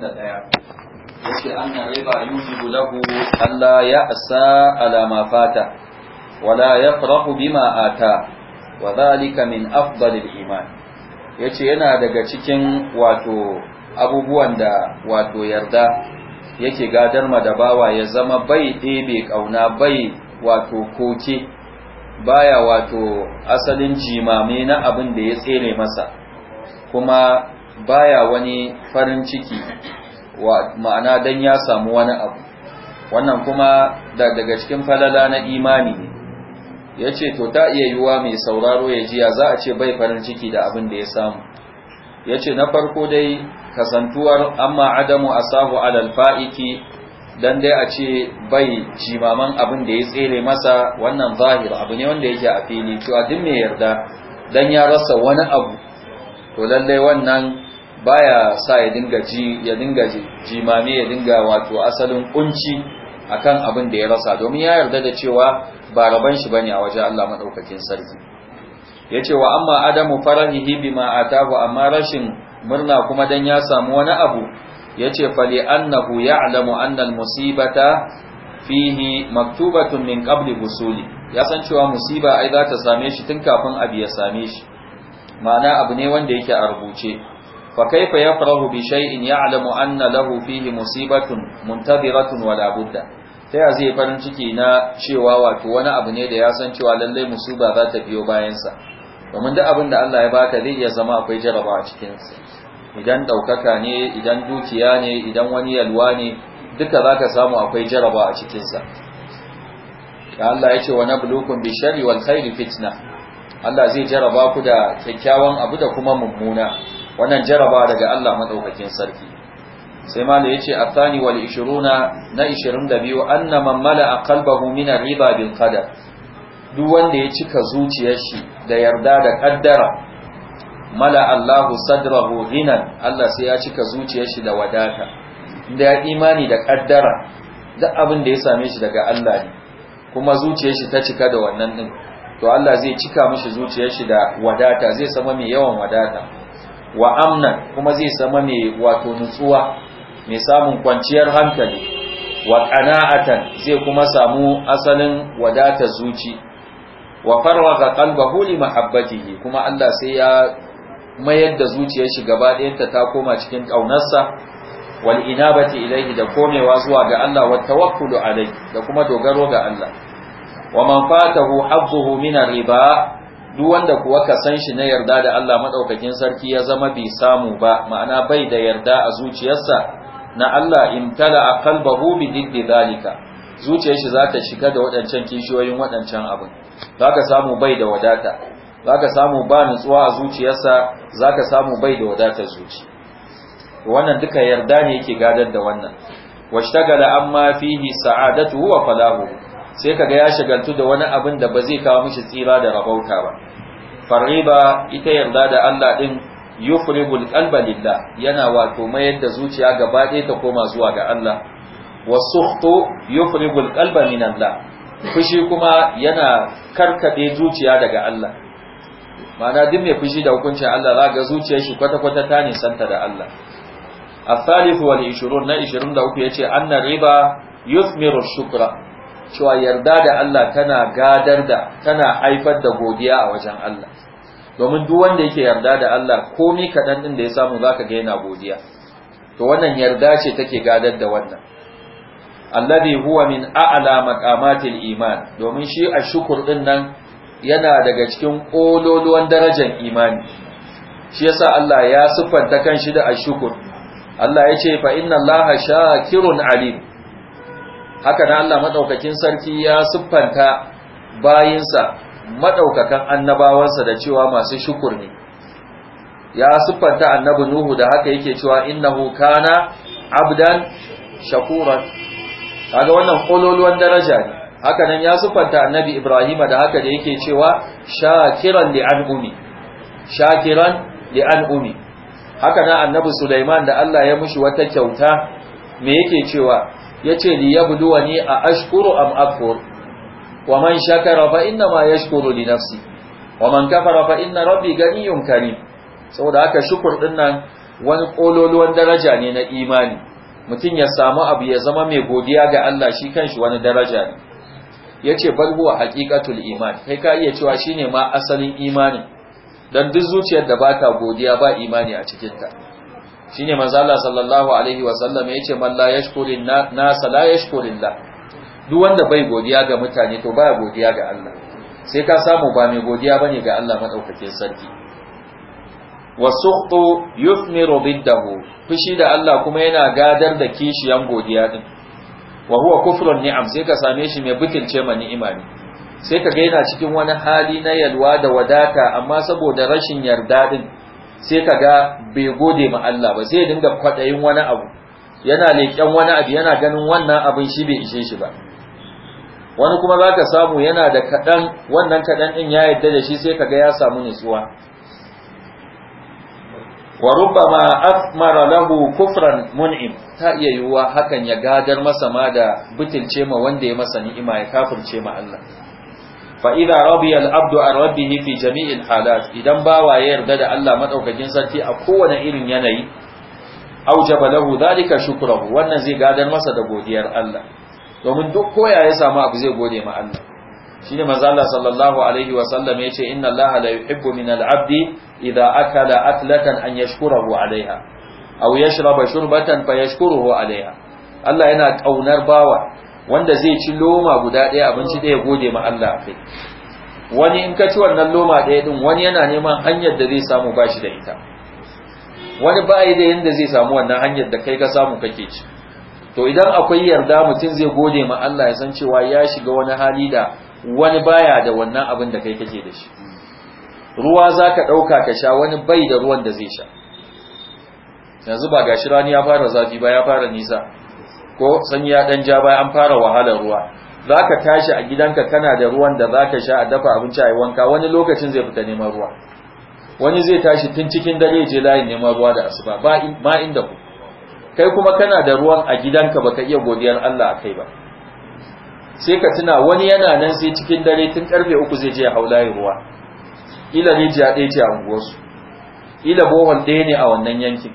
81 yace anna riba Allah ya'sa ala ma fata wala yafrahu bima ata wa dhalika min afdalil iman yace yana daga cikin wato abubuwan da wato yarda yake gadar ma da bawa ya zama bai ɗebe kauna bai wato koke baya wato asalin jimame na abin da ya tsere masa kuma baya wani farin ciki wa ma'ana dan ya samu wani abu wannan kuma daga cikin falala na imani ne ya to ta iya yiwuwa mai sauraro ya jiya za a ce bai farin ciki da abin da ya samu ya na farko dai kasantuwar amma adamu a sahu alal fa'iki don dai a ce bai jimaman abin da ya tsere masa wannan zahir abu ne wanda yake a fili cewa duk mai yarda dan ya rasa wani abu to lallai wannan baya sa ya dinga ji ya dinga jimami ya dinga wato asalin kunci akan abin da ya rasa domin ya yarda da cewa ba raban shi bane a wajen Allah madaukakin sarki yace wa amma adamu farahihi bima atahu amma rashin murna kuma dan ya samu wani abu yace fali annahu ya'lamu anna al-musibata fihi maktubatun min qabli husuli ya san cewa musiba ai za ta same shi tun kafin abu ya same shi ma'ana abu ne wanda yake a rubuce fa kaifa yafrahu bi shay'in ya'lamu anna lahu fihi musibatun muntadiratun wala budda ta ya zai farin ciki na cewa wato wani abu ne da ya san cewa lallai musiba za ta biyo bayansa domin duk abin da Allah ya baka zai iya zama akwai jaraba a cikin sa idan daukaka ne idan dukiya ne idan wani yalwa ne duka zaka samu akwai jaraba a cikin sa Allah ya ce wa nablukum bi sharri wal khairi fitna Allah zai jaraba ku da kyakkyawan abu da kuma mummuna wannan jaraba daga Allah madaukakin sarki sai ma da yace athani wal 20 na 22 anna man mala'a qalbahu min ar-riba bil qadar duk wanda ya cika zuciyar da yarda da kaddara mala Allahu sadrahu ghinan Allah sai ya cika zuciyar da wadata inda ya imani da kaddara duk abin da ya same shi daga Allah ne kuma zuciyar ta cika da wannan din to Allah zai cika mishi zuciyar shi da wadata zai sama mai yawan wadata wa amnan kuma zai zama mai wato nutsuwa mai samun kwanciyar hankali wa qana'atan zai kuma samu asalin wadata zuci wa farwaga qalbahu li mahabbatihi kuma Allah sai ya mayar da zuciyar shi gaba ɗayanta ta koma cikin ƙaunarsa wal inabati ilaihi da komewa zuwa ga Allah wa tawakkulu da kuma dogaro ga Allah wa man fatahu hazzuhu min riba duk wanda kuwa ka san shi na yarda da Allah madaukakin sarki ya zama bai samu ba ma'ana bai da yarda a zuciyarsa na Allah in a kalbahu bi diddi zalika zuciyar shi za shiga da waɗancan kishiyoyin waɗancan abin za samu bai da wadata za samu ba nutsuwa a zuciyarsa za samu bai da wadata zuci wannan duka yarda ne yake gadar da wannan washtagala amma fihi sa'adatu wa falahu sai kaga ya shagaltu da wani abin da ba zai kawo mishi tsira da rabauta ba riba ita yarda da Allah din yufribul qalba lillah yana wato mayar da zuciya gaba ɗaya ta koma zuwa ga Allah wasukhtu yufribul qalba min Allah fushi kuma yana karkade zuciya daga Allah ma'ana duk mai fushi da hukuncin Allah za ga zuciyar shi kwata-kwata ta nisanta da Allah الثالث والعشرون نا da uku يتي أن الربا يثمر الشكر cewa yarda da Allah tana gadar da tana haifar da godiya a wajen Allah domin duk wanda yake yarda da Allah komai kaɗan ɗin da ya samu zaka ga yana godiya to wannan yarda ce take gadar da wannan alladhi huwa min a'la maqamatil iman domin shi a shukur din nan yana daga cikin kololuwan darajar imani shi yasa Allah ya siffanta kanshi da ashukur Allah ya ce fa inna Allaha shakirun alim haka na Allah madaukakin sarki ya siffanta bayinsa madaukakan annabawansa da cewa masu shukur ne ya siffanta annabi Nuhu da haka yake cewa innahu kana abdan shakuran kaga wannan kololuwan daraja ne haka nan ya siffanta annabi Ibrahim da haka da yake cewa shakiran li an'umi shakiran li an'umi haka nan annabi Sulaiman da Allah ya mushi wata kyauta me yake cewa yace li ni a ashkuru am akfur wa man shakara fa inna ma yashkuru li nafsi wa man kafara fa inna rabbi ganiyun karim saboda haka shukur din nan wani kololuwan daraja ne na imani mutum ya samu abu ya zama mai godiya ga Allah shi kanshi wani daraja ne yace bal huwa haqiqatul iman kai ka iya cewa shine ma asalin imani dan duk zuciyar da bata godiya ba imani a cikin ta shine manzo Allah sallallahu alaihi wa sallam yace man la yashkurin nas la yashkurillah duk wanda bai godiya ga mutane to baya godiya ga Allah sai ka samu ba mai godiya bane ga Allah madaukakin sarki wasuqtu yuthmiru biddahu fushi da Allah kuma yana gadar da kishiyan godiya din wa huwa kufrun ni'am sai ka same shi mai butulce ma ni'ima ne sai ka ga yana cikin wani hali na yalwa da wadata amma saboda rashin yarda din sai ka ga bai gode ma Allah ba sai ya dinga kwaɗayin wani abu yana leƙen wani abu yana ganin wannan abin shi bai ishe shi ba wani kuma za ka samu yana da kaɗan wannan kaɗan ɗin ya yadda da shi sai ka ga ya samu nutsuwa wa rubbama afmara lahu kufran mun'im ta iya yiwuwa hakan ya gadar masa ma da butulce ma wanda ya masa ni'ima ya kafirce ma Allah fa idza radiya al an rabbih fi jami'il halat idan bawa ya yarda da Allah madaukakin sarki a kowane irin yanayi aujaba lahu dhalika shukruhu wannan zai gadar masa da godiyar Allah domin duk koya ya samu abu zai gode ma Allah shine manzo Allah sallallahu alaihi wa sallam yace inna Allah la yuhibbu min al-abdi idza akala aklatan an yashkurahu alaiha aw yashraba shurbatan fayashkuruhu alaiha Allah yana kaunar bawa wanda zai ci loma guda ɗaya abinci ɗaya gode ma Allah akai wani in ka ci wannan loma ɗaya din wani yana neman hanyar da zai samu ba shi da ita wani ba da yadda zai samu wannan hanyar da kai ka samu kake ci to idan akwai yarda mutum zai gode ma Allah ya san cewa ya shiga wani hali da wani baya da wannan abin da kai kake da shi ruwa za ka ɗauka ka sha wani bai da ruwan da zai sha yanzu ba gashi rani ya fara zafi ba ya fara nisa ko sanyi ya dan ja baya an fara wahalar ruwa zaka tashi a gidanka kana da ruwan da zaka sha a dafa abinci a yi wanka wani lokacin zai fita neman ruwa wani zai tashi tun cikin dare je layin neman ruwa da asuba ba ma inda ku kai kuma kana da ruwan a gidanka baka iya godiyar Allah akai ba sai ka tuna wani yana nan sai cikin dare tun karfe uku zai je hau layin ruwa ila rijiya ɗaya ce a unguwarsu ila bohol ɗaya ne a wannan yankin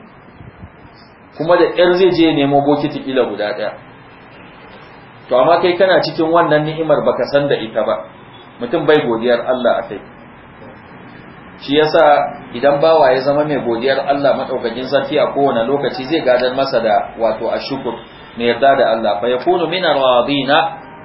kuma da ƴar zai je nemo bokiti kila guda ɗaya to amma kai kana cikin wannan ni'imar baka san da ita ba mutum bai godiyar Allah a kai shi yasa idan bawa ya zama mai godiyar Allah madaukakin sarki a kowane lokaci zai gadar masa da wato ashukur mai yarda da Allah fa yakunu min ar-radina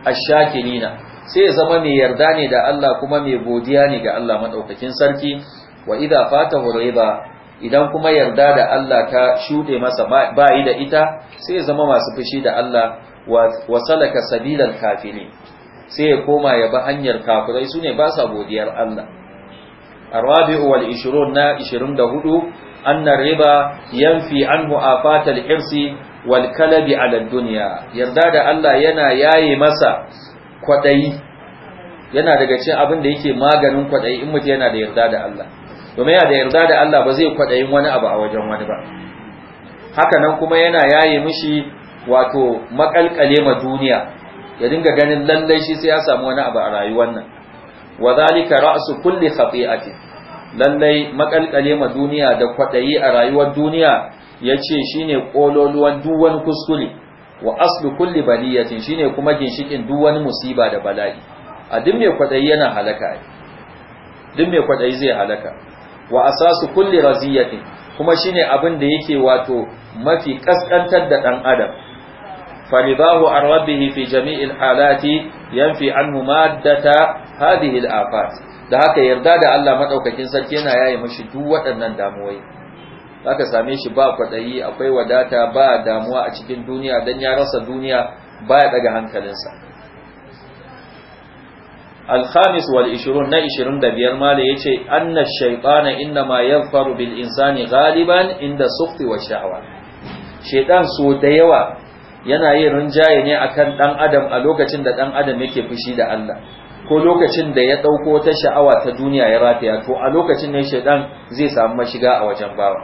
ash-shakirina sai ya zama mai yarda ne da Allah kuma mai godiya ne ga Allah madaukakin sarki wa idza fatahu ridha idan kuma yarda da Allah ta shuɗe masa bayi da ita sai ya zama masu fushi da Allah wa salaka sabilan kafirin sai ya koma ya bi hanyar kafirai sune ba sa godiyar Allah arabi'u wal 20 na 24 anna riba yanfi an mu'afatal irsi wal kalabi ala dunya yarda da Allah yana yaye masa kwadayi yana daga cikin abin da yake maganin kwadayi in mutum yana da yarda da Allah domin yana da yarda da Allah ba zai yin wani abu a wajen wani ba haka nan kuma yana yaye mishi wato makalkale ma duniya ya dinga ganin lallai shi sai ya samu wani abu a rayuwar nan wa zalika ra'su kulli khati'atin lallai makalkale ma duniya da kwaɗayi a rayuwar duniya yace shine kololuwan duk wani kuskure wa aslu kulli baliyatin shine kuma ginshikin duk wani musiba da bala'i a duk me kwaɗayi yana halaka duk me kwaɗayi zai halaka wa asasu kulli raziyatin kuma shine abin da yake wato mafi kaskantar da dan adam faridahu an rabbihi fi jami'il halati yanfi anhu maddata hadhihi al-afat da haka yarda da Allah madaukakin sarki yana ya'yi mishi duk waɗannan damuwoyi zaka same shi ba kwadayi akwai wadata ba damuwa a cikin duniya dan ya rasa duniya baya daga hankalinsa Alkhamis الخامس والعشرون نا عشرون دا بيار مالا يتي أن الشيطان إنما يظفر galiban inda عند sha'awa. والشعوى شيطان da yawa yana yin rinjaye ne akan ɗan adam a lokacin da ɗan adam yake fushi da Allah ko lokacin da ya ɗauko ta sha'awa ta duniya ya rataya to a lokacin ne shaidan zai samu mashiga a wajen bawa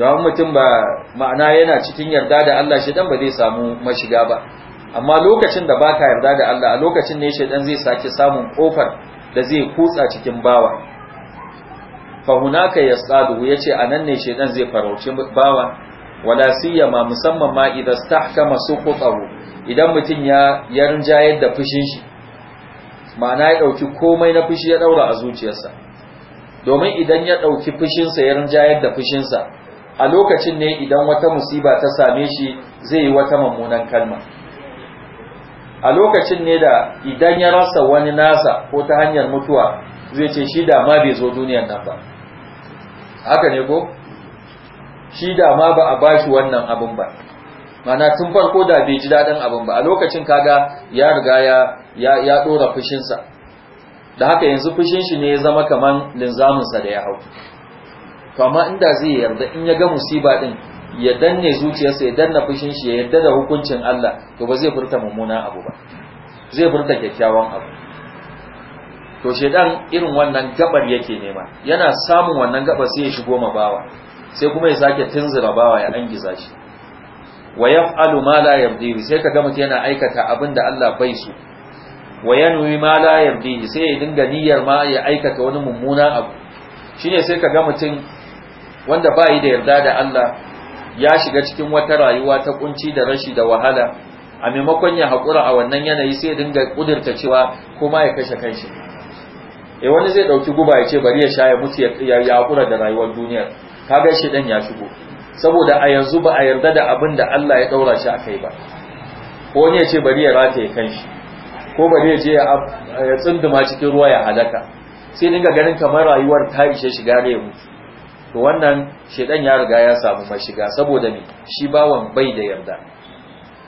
don mutum ba ma'ana yana cikin yarda da Allah shaɗan ba zai samu mashiga ba amma lokacin da baka yarda da Allah a lokacin ne shaidan zai sake samun kofar da zai kutsa cikin bawa fa hunaka yasadu yace anan ne shaidan zai farauci bawa wala siyama musamman ma idan stahkama suqutahu idan mutun ya yarinja yadda fushin shi ma'ana ya dauki komai na fushi ya daura a zuciyarsa domin idan ya dauki fushin sa ya rinjayar da fushin sa a lokacin ne idan wata musiba ta same shi zai yi wata mummunan kalma a lokacin ne da idan ya rasa wani nasa ko ta hanyar mutuwa zai ce shi dama bai zo duniyar nan ba haka ne ko shi dama ba a bashi wannan abin ba mana tun farko da bai ji daɗin abin ba a lokacin kaga ya riga ya ya ɗora fushinsa da haka yanzu fushin shi ne ya zama kaman linzaminsa da ya hau to amma inda zai yarda in ya ga musiba ɗin ya danne zuciyarsa ya danna fushin shi ya yarda da hukuncin Allah to ba zai furta mummunan abu ba zai furta kyakkyawan abu to shedan irin wannan gabar yake nema yana samun wannan gabar sai ya shigo ma bawa sai kuma ya sake tunzura bawa ya angiza shi wa yaf'alu ma la yardi sai ka ga mutum yana aikata abin da Allah bai so wa yanwi ma la yardi sai ya dinga niyyar ma ya aikata wani mummuna abu shine sai ka ga mutum wanda ba yi da yarda da Allah ya shiga cikin wata rayuwa ta kunci da rashi da wahala a maimakon ya haƙura a wannan yanayi sai dinga ƙudurta cewa kuma ya kashe kanshi eh wani zai ɗauki guba ya ce bari ya sha ya mutu ya haƙura da rayuwar duniyar kaga shi dan ya shigo saboda a yanzu ba a yarda da abin da Allah ya ɗaura shi a kai ba ko wani ya ce bari ya rata ya kanshi ko bari ya je ya tsunduma cikin ruwa ya halaka sai dinga ganin kamar rayuwar ta ishe shiga ne ya to wannan shedan ya riga ya samu mashiga saboda me shi bawan bai da yarda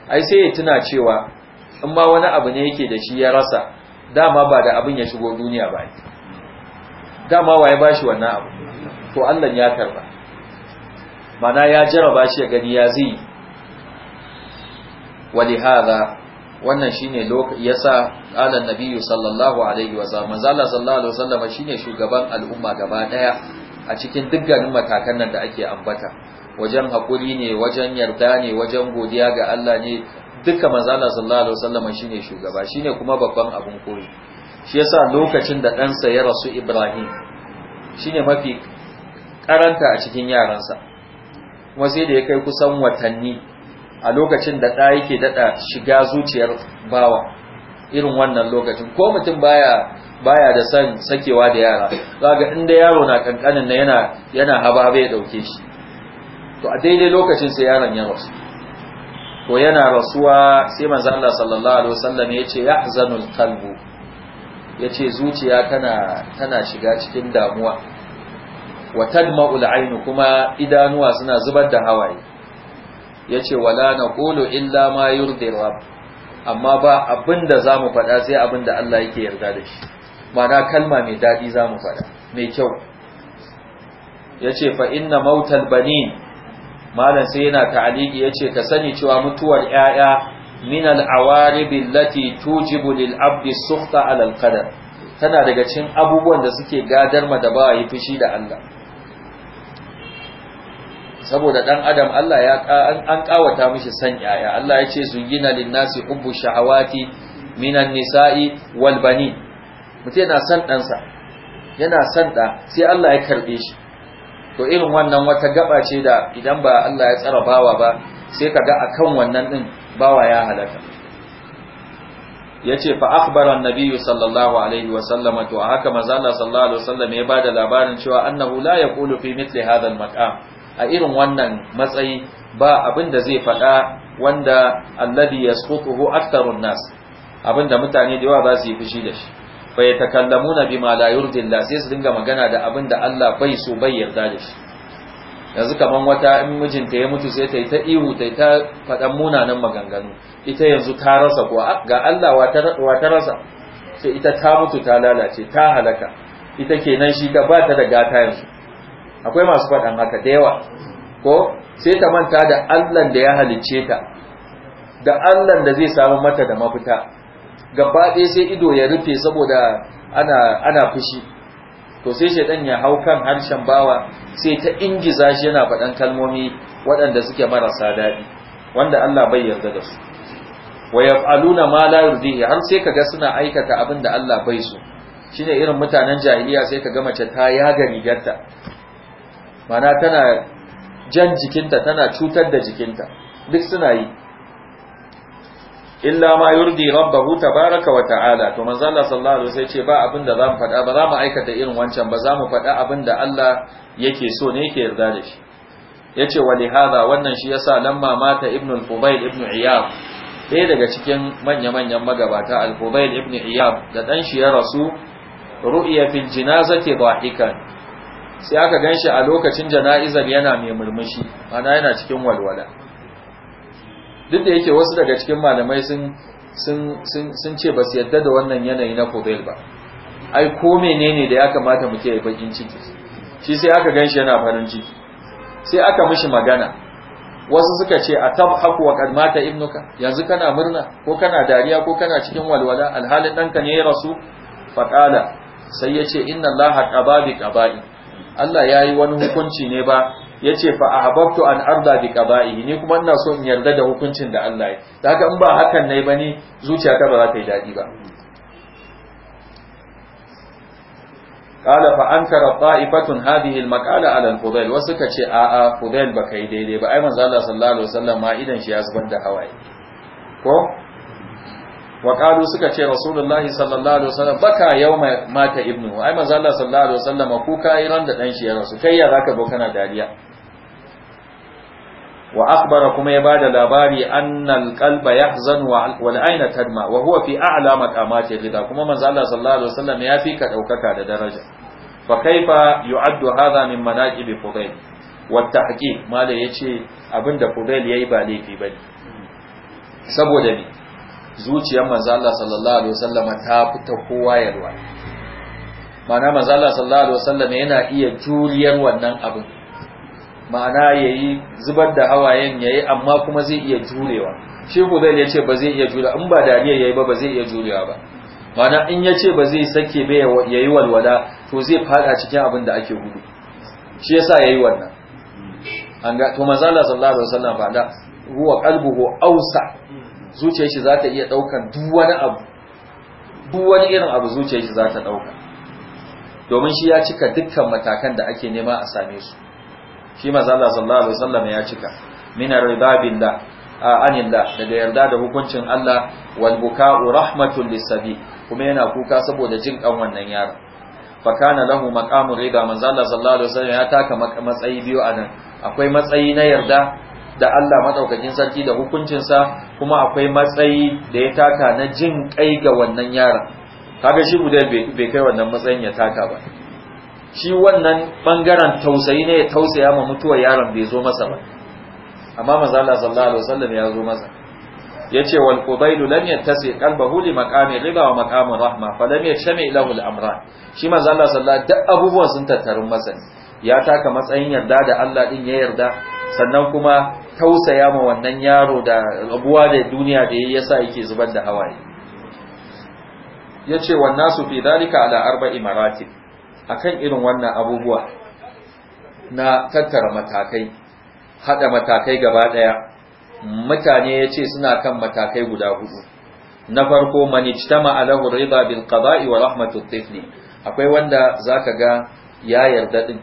ai sai ya tuna cewa in ma wani abu ne yake da shi ya rasa dama ba da abin ya shigo duniya ba dama waye bashi wannan abu to Allah ya karba mana ya jaraba shi ya gani ya zai hada wannan shine yasa alannabi sallallahu alaihi wa manzo Allah sallallahu alaihi wasallam shine shugaban al'umma gaba daya a cikin dukkanin matakan nan da ake ambata wajen hakuri ne wajen yarda ne wajen godiya ga Allah ne duka Allah sallallahu alaihi wasallam shine shugaba shine kuma babban abun koyi shi yasa lokacin da ɗansa ya rasu Ibrahim shine mafi karanta a cikin yaransa kuma sai da ya kai kusan watanni a lokacin da ɗa yake dada shiga zuciyar bawa irin wannan lokacin ko mutum baya baya da san sakewa da yara zaga inda yaro na kankanin na yana yana haba bai dauke shi to a daidai lokacin sai yaron ya rasu Ko yana rasuwa sai manzo Allah sallallahu alaihi wasallam yace yahzanul qalbu yace zuciya tana tana shiga cikin damuwa wa tadma'ul aynu kuma idanuwa suna zubar da hawaye yace wala naqulu illa ma yurdi rabb amma ba abin da za mu faɗa sai abin da Allah yake yarda da shi mana kalma mai daɗi za mu faɗa mai kyau ya ce ina mautal banin malam sai yana ta'aliki ya ce ka sani cewa mutuwar ‘ya'ya min al'awaribin lati tujibu abdi sufta alal tana daga cin abubuwan da suke gadar ma da ba yi fushi da Allah saboda dan adam Allah ya an kawata mishi san yaya Allah ya ce zuyina linnasi hubbu shahawati minan nisa'i wal banin mutum yana san ɗansa yana san ɗa sai Allah ya karbe shi to irin wannan wata gaba ce da idan ba Allah ya tsara bawa ba sai ga akan wannan din bawa ya halaka yace fa akhbara Nabiyu sallallahu alaihi wa sallam to haka manzo Allah sallallahu alaihi wa sallam ya bada labarin cewa annahu la yaqulu fi mithli hadha al-maqam a irin wannan matsayi ba abin da zai faɗa wanda alladhi yasqutuhu aktharun nas abinda mutane da yawa za su yi fushi da shi fa yatakallamuna bima la yurdi Allah sai su dinga magana da abinda Allah bai so bai yarda da shi yanzu kaman wata in mijinta ya mutu sai ta yi ta ihu ta ta faɗan munanan maganganu ita yanzu ta rasa kuwa ah, ga Allah wa ta rasa sai ita ta mutu ta lalace ta halaka ita kenan shi ta ba ta da gata yanzu akwai masu faɗan haka da yawa ko sai ta manta da allan da ya halicce ta da allan da zai samu mata da mafita gaba ɗaya sai ido ya rufe saboda ana ana fushi to sai shaidan ya hau kan harshen bawa sai ta ingiza shi yana faɗan kalmomi waɗanda suke marasa daɗi wanda Allah bai yarda da su wa yaf'aluna ma la yurdihi har sai kaga suna aikata abin da Allah bai so shine irin mutanen jahiliya sai kaga mace ta yaga rigarta mana tana jan jikinta tana cutar da jikinta duk suna yi illa ma yurdi rabbahu tabaraka wa ta'ala to manzo Allah sallallahu alaihi wasallam ce ba abin da zamu faɗa ba zamu aikata irin wancan ba zamu faɗa abin da Allah yake so ne yake yarda da shi yace wa lihada wannan shi yasa lamma mata ibnu al-fubayl ibnu iyab ɗaya daga cikin manya-manyan magabata al-fubayl ibnu iyab da dan shi ya rasu ru'ya fil janazati dahikan sai aka gan shi a lokacin jana'izar yana mai murmushi mana yana cikin walwala duk da yake wasu daga cikin malamai sun ce ba su yadda da wannan yanayi na kobel ba ai ko menene da ya kamata mu ke bakin ciki shi sai aka gan shi yana farin ciki sai aka mishi magana wasu suka ce a haku wa kalmata ibnuka yanzu kana murna ko kana dariya ko kana cikin walwala alhalin ɗanka ne ya rasu Faƙala. sai ya yace inna allaha bi ƙaba'i. Allah ya yi wani hukunci ne ba ya ce fa a ahbabtu an arda bi qada'ihi ni kuma ina so in yarda da hukuncin da Allah ya da haka in ba hakan ne ba ni zuciya zuciyata ba za ta yi dadi ba qala fa ankara ta'ifatun hadhihi al-maqala ala al-fudail wasu ka ce a a fudail baka yi daidai ba ai manzo Allah sallallahu alaihi wasallam ma idan shi ya zubar da hawaye ko wa suka ce rasulullahi sallallahu alaihi wasallam baka yawma mata ibnu ai manzo Allah sallallahu alaihi wasallam kuka iran da dan shi ya rasu kai ya zaka zo kana dariya wa akhbara kuma ya bada labari annal qalba yahzan wal ayna tadma wa huwa fi a'la maqamati ghida kuma manzo Allah sallallahu alaihi wasallam ya fi ka daukaka da daraja fa kaifa yu'addu hadha min manaqib fudayl wa tahqiq mala yace abinda fudayl yayi ba laifi bane saboda ni. zuciyar manzo Allah sallallahu alaihi wasallam ta fita kowa ruwa. ma'ana manzo Allah sallallahu alaihi wasallam yana iya juriyar wannan abin ma'ana yayi zubar da hawayen yayi amma kuma zai iya jurewa shi Hudail ya ce ba zai iya jura in ba dariya yayi ba ba zai iya jurewa ba ma'ana in ya ce ba zai sake bai yayi walwala to zai fada cikin abin da ake gudu shi yasa yayi wannan an ga to manzo Allah sallallahu alaihi wasallam ba da huwa qalbuhu awsa zuciyar shi za ta iya ɗaukan duk wani abu duk wani irin abu zuciyar shi za ta ɗauka domin shi ya cika dukkan matakan da ake nema a same su shi mazala sallallahu alaihi wasallam ya cika min arbabin da anilla daga yarda da hukuncin Allah wal buka'u rahmatul lisabi kuma yana kuka saboda jin kan wannan yaro fa kana lahu maqamur rida manzo sallallahu alaihi wasallam ya taka matsayi biyu anan akwai matsayi na yarda da Allah madaukakin sarki da hukuncinsa kuma akwai matsayi da ya taka na jin kai ga wannan yaron kaga shi gudai bai kai wannan matsayin ya taka ba shi wannan bangaren tausayi ne ya tausaya ma mutuwa yaron bai zo masa ba amma manzo Allah sallallahu alaihi wasallam ya zo masa yace wal qudailu lam yattasi qalbahu li maqami riba wa maqami rahma fa lam yashmi lahu al amran shi manzo Allah sallallahu alaihi wasallam duk abubuwan sun tattarun masa ya taka matsayin yarda da Allah din ya yarda sannan kuma tausaya ma wannan yaro da rabuwa da duniya da yayi yasa yake zubar da hawaye yace wannan nasu fi dalika ala arba'i maratib akan irin wannan abubuwa na tattara matakai hada matakai gaba daya mutane yace suna kan matakai guda hudu na farko manijtama alahu rida bil qada'i wa rahmatut tifli akwai wanda zaka ga ya yarda din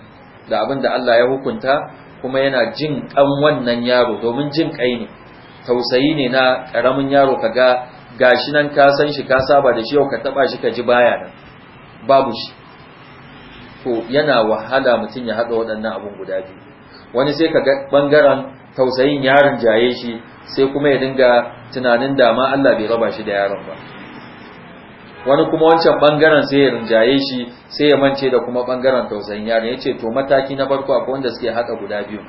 da abin da Allah ya hukunta kuma yana jin kan wannan yaro domin jin kai ne tausayi ne na karamin yaro ka ga gashi nan ka san shi ka saba da shi yau ka taba shi ka ji baya nan babu shi to yana wahala mutum ya haɗa waɗannan abun guda biyu wani sai ka ga bangaren tausayin yaron jaye shi sai kuma ya dinga tunanin dama Allah bai raba shi da yaron ba wani kuma wancan bangaren sai ya rinjaye shi sai ya mance da kuma bangaren tausayin yaron yace to mataki na farko akwai wanda suke haɗa guda biyu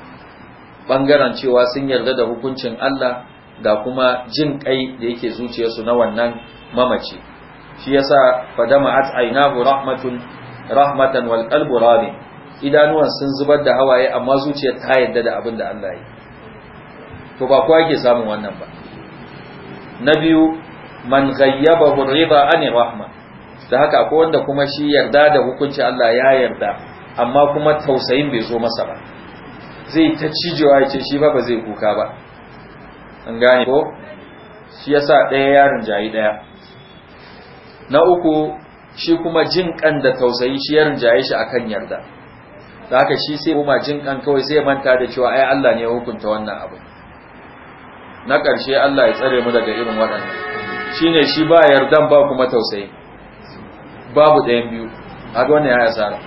bangaren cewa sun yarda da hukuncin Allah ga kuma jin kai da yake zuciyarsu na wannan mamaci shi yasa fadama at ainahu rahmatun rahmatan wal qalbu rabi idanuwan sun zubar da hawaye amma zuciyar ta yarda da abin da Allah ya yi to ba kowa yake samun wannan ba na biyu man ghayyabahu ar-ridha an rahma da haka akwai wanda kuma shi yarda da hukunci Allah ya yarda amma kuma tausayin bai zo masa ba zai ta cijewa ya ce shi ba ba zai kuka ba an gane ko shi yasa ɗaya yarin jayi ɗaya na uku shi kuma jin kan da tausayi shi yarin jayi shi akan yarda da haka shi sai kuma jin kan kawai zai manta da cewa ai Allah ne ya hukunta wannan abu na ƙarshe Allah ya tsare mu daga irin waɗannan shine shi ba yardan ba kuma tausayi babu ɗayan biyu haka wannan ya asara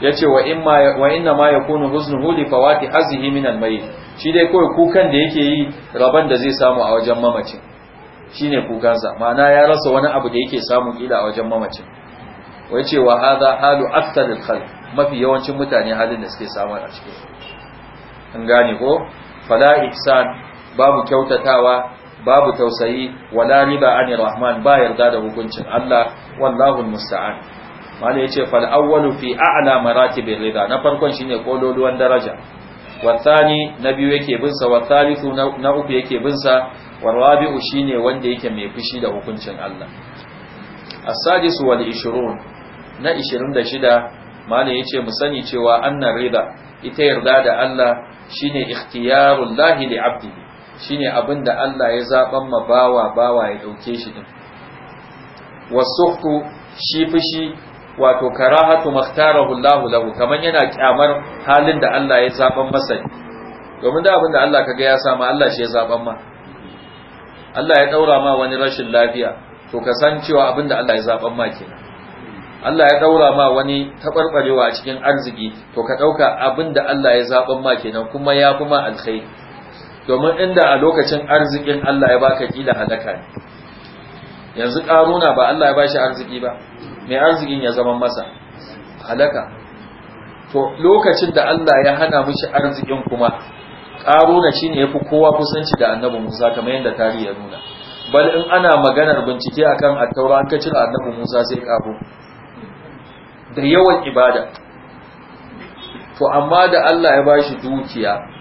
ya ce wa inna ma ya kunu husnu huli fawati hazihi minan mai shi dai kawai kukan da yake yi rabon da zai samu a wajen mamacin shi ne kukansa ma'ana ya rasa wani abu da yake samun kila a wajen mamacin wai ce wa hadha halu aktaril khalq mafi yawancin mutane halin da suke samu a cikin an gane ko fala ihsan babu kyautatawa babu tausayi wala riba ani rahman ba yarda da hukuncin Allah wallahu musta'an wani yace fal awwalu fi a'la maratibir rida na farkon shine kololuwan daraja wathani na biyu yake bin sa wathalithu na uku yake bin sa warabi'u shine wanda yake mai fushi da hukuncin Allah as sadisu wal 20 na 26 mali yace mu sani cewa annar rida ita yarda da Allah shine ikhtiyarul lahi li 'abdihi shine abin da Allah ya zaban ma bawa bawa ya dauke shi din wasuhu shi fushi wato karahatu makhtarahu Allah lahu kaman yana kyamar halin da Allah ya zaban masa domin da abin da Allah kaga ya sama Allah shi ya zaban ma Allah ya daura ma wani rashin lafiya to ka san cewa abin da Allah ya zaban ma kenan Allah ya daura ma wani tabarbarewa a cikin arziki to ka dauka abin da Allah ya zaban ma kenan kuma ya kuma alkhairi domin inda a lokacin arzikin Allah ya baka kila halaka ne yanzu karuna ba Allah ya bashi arziki ba mai arzikin ya zama masa halaka to lokacin da Allah ya hana mishi arzikin kuma karuna shine yafi kowa kusanci da annabi Musa kamar yadda tarihi ya nuna bal in ana maganar bincike akan at-taura an kace annabi Musa sai ƙaru. da yawan ibada to amma da Allah ya bashi dukiya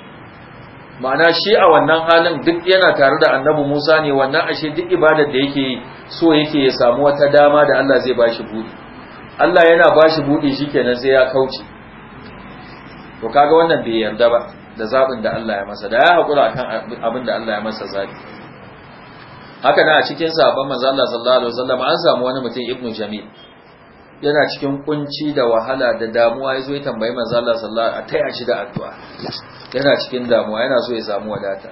ma'ana shi a wannan halin duk yana tare da annabi Musa ne wannan ashe duk ibadar da yake so yake ya samu wata dama da Allah zai ba shi buɗi Allah yana ba bashi buɗi kenan sai ya kauce to kaga wannan bai yarda ba da zabin da Allah ya masa da ya hakura kan abin da Allah ya masa zabi haka na a cikin sahabban manzo Allah sallallahu alaihi wasallam an samu wani mutum ibnu Jamil yana cikin kunci da wahala da damuwa ya zo ya tambayi manzo Allah sallallahu alaihi wasallam a taya shi da addu'a yana cikin damuwa yana so ya samu wadata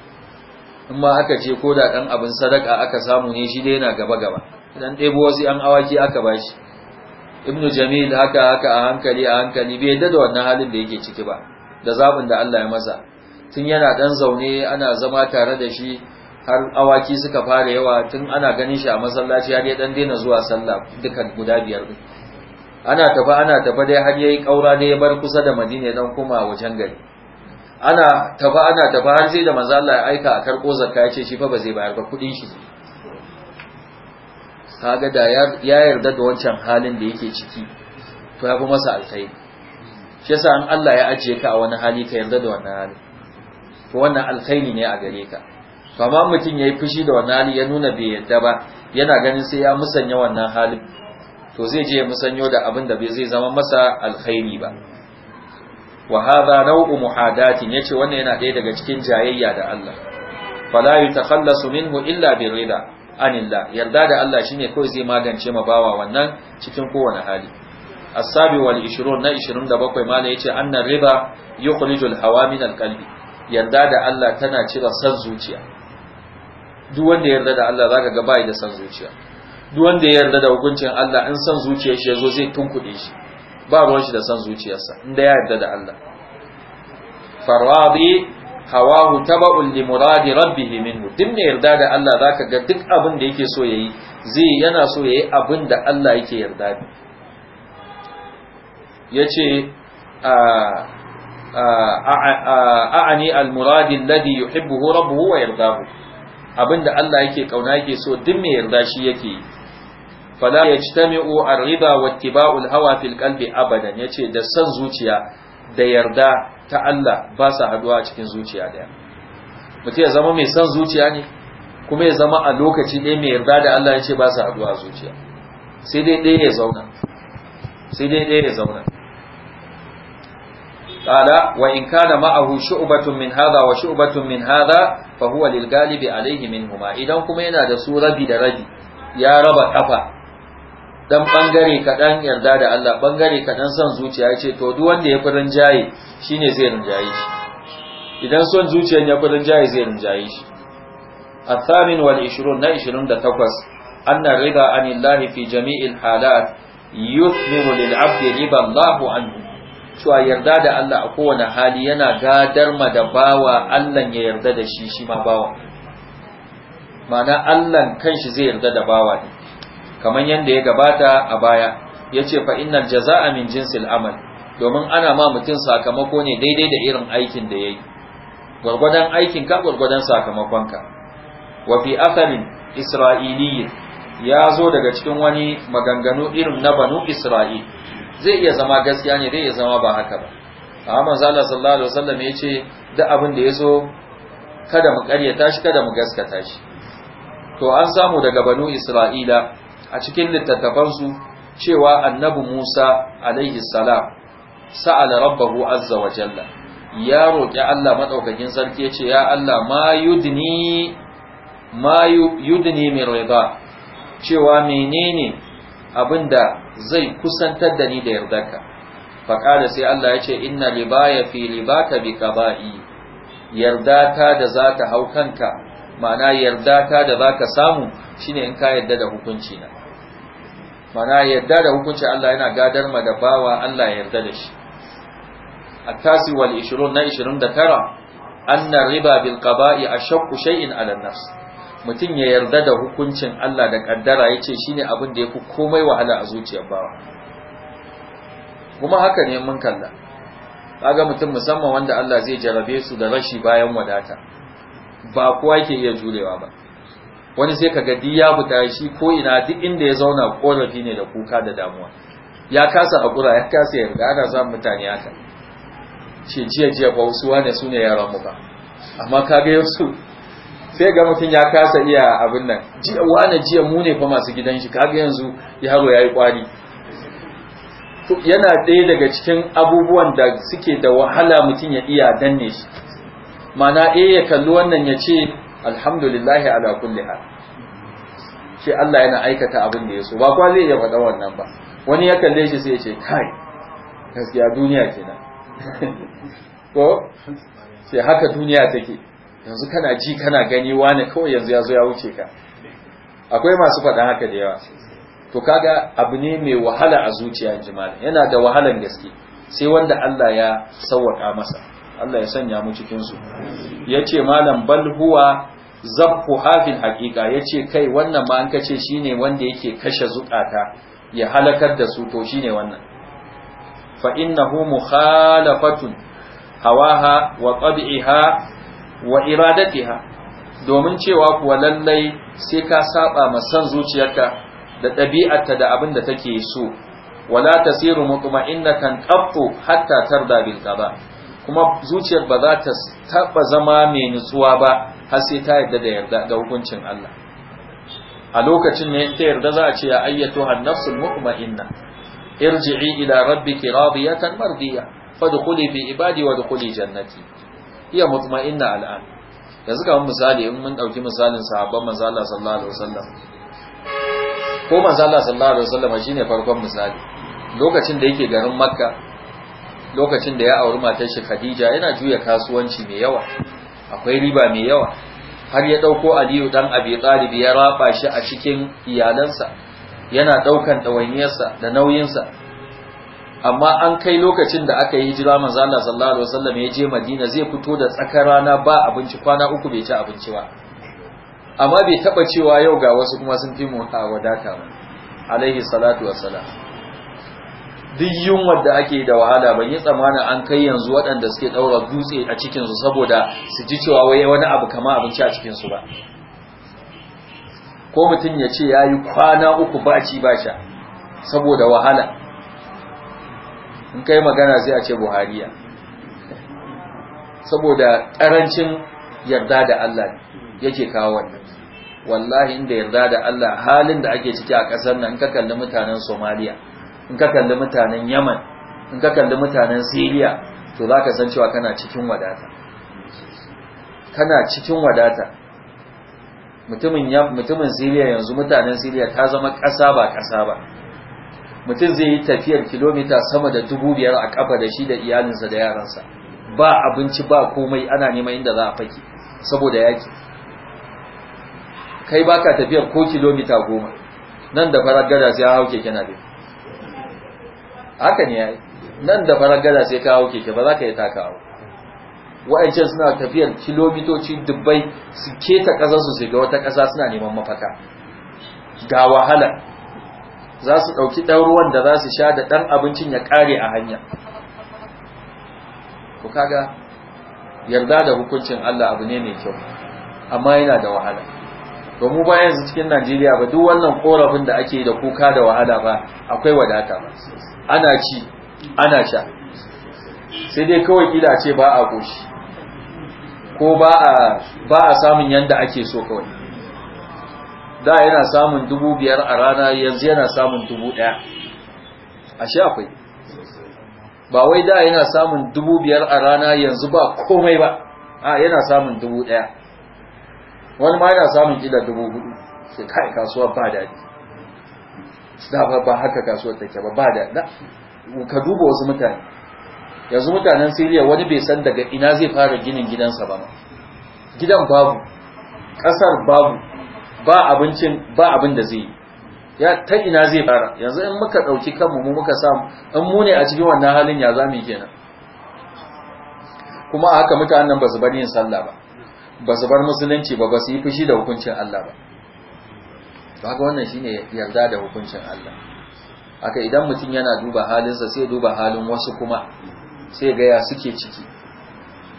in ma aka ce ko da dan abin sadaka aka samu ne shi dai yana gaba gaba dan ɗebo wasu yan awaki aka bashi ibnu jamil haka haka a hankali a hankali bai yadda da wannan halin da yake ciki ba da zabin da Allah ya masa tun yana dan zaune ana zama tare da shi har awaki suka fara yawa tun ana ganin shi a masallaci har ya dan daina zuwa sallah dukan guda biyar din ana tafi ana tafi dai har yayi kaura ne ya bar kusa da Madina dan kuma wajen gari ana tafi ana tafi har sai da manzo Allah ya aika a karko zakka ya ce shi fa ba zai bayar ba kudin shi kaga da ya yarda da wancan halin da yake ciki to ya fi masa alkhairi shi yasa an Allah ya ajiye ka a wani hali ka yarda da wannan hali to wannan alkhairi ne a gare ka to amma mutum yayi fushi da wannan hali ya nuna bai yarda ba yana ganin sai ya musanya wannan halin to zai je ya musanyo da abin da zai zama masa alkhairi ba wa hadha nau'u muhadatin yace wannan yana daya daga cikin jayayya da Allah fala yatakhallasu minhu illa birida anillah yarda da Allah shine kawai zai magance ma bawa wannan cikin kowane hali asabi wal 20 na 27 mala yace annan riba yukhrijul hawa min alqalbi yarda da Allah tana cire san zuciya duk wanda yarda da Allah zaka ga bai da san zuciya duk wanda ya yarda da hukuncin Allah in san zuciyar shi yazo zai tunkuɗe shi ba ruwan shi da san zuciyarsa inda ya yarda da Allah farwadi hawahu taba'un li muradi rabbih minhu duk yarda da Allah zaka ga duk abin da yake so yayi zai yana so yayi abin da Allah yake yarda da yace a a'ani al-muradi alladhi yuhibbuhu rabbuhu wa yardahu abinda Allah yake kauna yake so duk mai yarda shi yake fala yajtami'u ar-riba wattiba'u al-hawa fil qalbi abadan yace da san zuciya da yarda ta Allah ba sa haduwa a cikin zuciya daya mutum ya zama mai san zuciya ne kuma ya zama a lokaci ɗaya mai yarda da Allah yace ba sa haduwa a zuciya sai dai ɗaya ya zauna sai dai ɗaya ya zauna قال وإن كان معه wa من هذا وشعبة من هذا فهو للغالب عليه منهما إذا كما ينا da su rabi da rabi ya raba kafa dan bangare kaɗan yarda da Allah bangare kaɗan son zuciya ya ce to duk wanda ya fi rinjaye shi ne zai rinjaye shi idan son zuciyar ya fi rinjaye zai rinjaye shi a tsamin wal ishirun na ishirin da takwas annan riba an fi jami'in halat yuth mimu lil abdi riba allahu to a yarda da Allah a kowane hali yana gadar ma da bawa Allah ya yarda da shi shi ma bawa ma'ana Allah kanshi zai yarda da bawa ne kamar yadda ya gabata a baya ya ce fa innal jaza'a min jinsil amal domin ana ma mutum sakamako ne daidai da irin aikin da ya yi gwargwadon aikin ka gwargwadon sakamakonka wa fi atharin Isra'iliya ya zo daga cikin wani maganganu irin na banu isra'il zai iya zama gaskiya ne zai iya zama ba haka ba amma manzo Allah sallallahu alaihi wasallam ya ce duk abin da ya zo kada mu karyata shi kada mu gaskata shi to an samu daga banu isra'ila a cikin littattafansu cewa annabi Musa alaihi salam sa'ala rabbahu azza wa jalla ya roƙi Allah madaukakin sarki yace ya Allah ma yudni ma yudni min rida cewa menene abinda zai kusantar da ni da yardarka faƙada sai Allah ya ce inna libaya fi libaka bi qaba'i yarda ta da zaka hau kanka ma'ana yarda ta da zaka samu shine in ka yarda da hukunci na mana yarda da hukuncin Allah yana gadar ma da bawa Allah ya yarda da shi A tasi wal 20 na 29 anna riba bil qaba'i ashaqqu shay'in 'ala an-nafs mutun ya yarda da hukuncin Allah da kaddara yace shine abin da yafi komai wahala a zuciyar bawa kuma haka ne mun kalla kaga mutum musamman wanda Allah zai jarabe su da rashi bayan wadata ba kowa yake iya jurewa ba wani sai ka duk ya buta shi ko ina duk inda ya zauna korafi ne da kuka da damuwa ya kasa hakura ya kasa ya riga ana samun mutane haka ce jiya jiya ba wasu wane su ne yaran mu ba amma kaga yansu sai ga mutum ya kasa iya abin nan jiya wane jiya mu ne fa masu gidan shi kaga yanzu yaro ya yi kwari yana ɗaya daga cikin abubuwan da suke da wahala mutum ya iya danne shi mana eh ya kalli wannan ya ce alhamdulillahi ala kulli hal shi Allah yana aikata abin da ya so ba kwa zai iya faɗa wannan ba wani ya kalle shi sai ya ce kai gaskiya duniya kenan ko sai haka duniya take yanzu kana ji kana gani wani kawai yanzu ya zo ya wuce ka akwai masu faɗa haka da yawa to kaga abu ne mai wahala a zuciya jima'a yana da wahalan gaske sai wanda Allah ya sawwaka masa Allah ya sanya mu cikin su yace malam bal huwa zabhu hafil haqiqa yace kai wannan ma an kace shine wanda yake kashe zukata ya halakar da su to shine wannan fa innahu mukhalafatun hawaha wa qad'iha wa iradatiha domin cewa kuwa lallai sai ka saba ma san zuciyarka da ɗabi'arta da abin da take so wala tasiru kan qattu hatta tarda bil qada kuma zuciyar ba za ta taɓa zama mai nutsuwa ba har sai ta yarda da yarda da hukuncin Allah a lokacin ne ta yarda za a ce ya ayyatu hannasul mu'minna irji'i ila rabbiki radiyatan mardiya fadkhuli fi ibadi wa dkhuli jannati iya mutma'inna al'an yanzu kamar misali in mun dauki misalin sahabban manzo Allah sallallahu alaihi wasallam ko manzo Allah sallallahu alaihi wasallam shine farkon misali lokacin da yake garin Makka lokacin da ya auri matar shi Khadija yana juya kasuwanci mai yawa akwai riba mai yawa har ya dauko Aliyu dan Abi Talib ya raba shi a cikin iyalansa yana daukan dawainiyarsa da nauyinsa amma an kai lokacin da aka yi hijira manzo Allah sallallahu alaihi wasallam ya je Madina zai fito da tsakar rana ba abinci kwana uku bai ci abinci ba amma bai taba cewa yau ga wasu kuma sun fi mu wadata ba alaihi salatu wassalam duk yunwar da ake da wahala ban yi tsammani an kai yanzu waɗanda suke ɗaura dutse a cikinsu saboda su ji cewa wai wani abu kama abinci a cikinsu ba ko mutum ya ce ya yi kwana uku baci sha saboda wahala in kai magana sai a ce buhariya saboda ƙarancin yarda da Allah yake kawo wannan wallahi inda yarda da Allah halin da ake ciki a ƙasar nan ka kalli mutanen somaliya in ka kalli mutanen yaman in ka kalli mutanen siriya to za ka san cewa kana cikin wadata kana cikin wadata mutumin siriya yanzu mutanen siriya ta zama ƙasa ba ƙasa ba mutum zai yi tafiyar kilomita sama da dubu biyar a kafa da shi da iyalinsa da yaransa ba abinci ba komai ana neman inda za a faki saboda yaki kai baka tafiyar ko kilomita goma nan da farar gada sai ya hauke keke haka ne yayi nan da gada sai ka hau keke ba za ka yi takawa wa'ancan suna tafiyar kilomitoci dubbai su keta ƙasar su ga wata ƙasa suna neman mafaka ga wahala za su ɗauki ɗan ruwan da za su sha da ɗan abincin ya ƙare a hanya ku kaga yarda da hukuncin Allah abu ne mai kyau amma yana da wahala to mu ba yanzu cikin Najeriya ba duk wannan korafin da ake da kuka da wahala ba akwai wadata ba ana ci ana sha sai dai kawai kila ce ba a goshi ko ba a ba a samun yanda ake so kawai da yana samun dubu biyar a rana yanzu yana samun dubu ɗaya sha akwai ba wai da yana samun dubu biyar a rana yanzu ba komai ba a yana samun dubu ɗaya wani ma yana samun kila dubu hudu sai kai kasuwa ba daɗi ba ba haka kasuwar take ba ba daɗi ka duba wasu mutane yanzu mutanen siriya wani bai san daga ina zai fara ginin gidansa ba gidan babu ƙasar babu ba abincin ba abin da zai yi ya ta ina zai fara yanzu in muka ɗauki kanmu mu muka samu in mu ne a cikin wannan halin ya za mu yi kenan kuma a haka mutanen ba su bari yin sallah ba ba su bar musulunci ba ba su yi fushi da hukuncin Allah ba haka wannan shine yarda da hukuncin Allah haka idan mutum yana duba halinsa sai duba halin wasu kuma sai ga ya suke ciki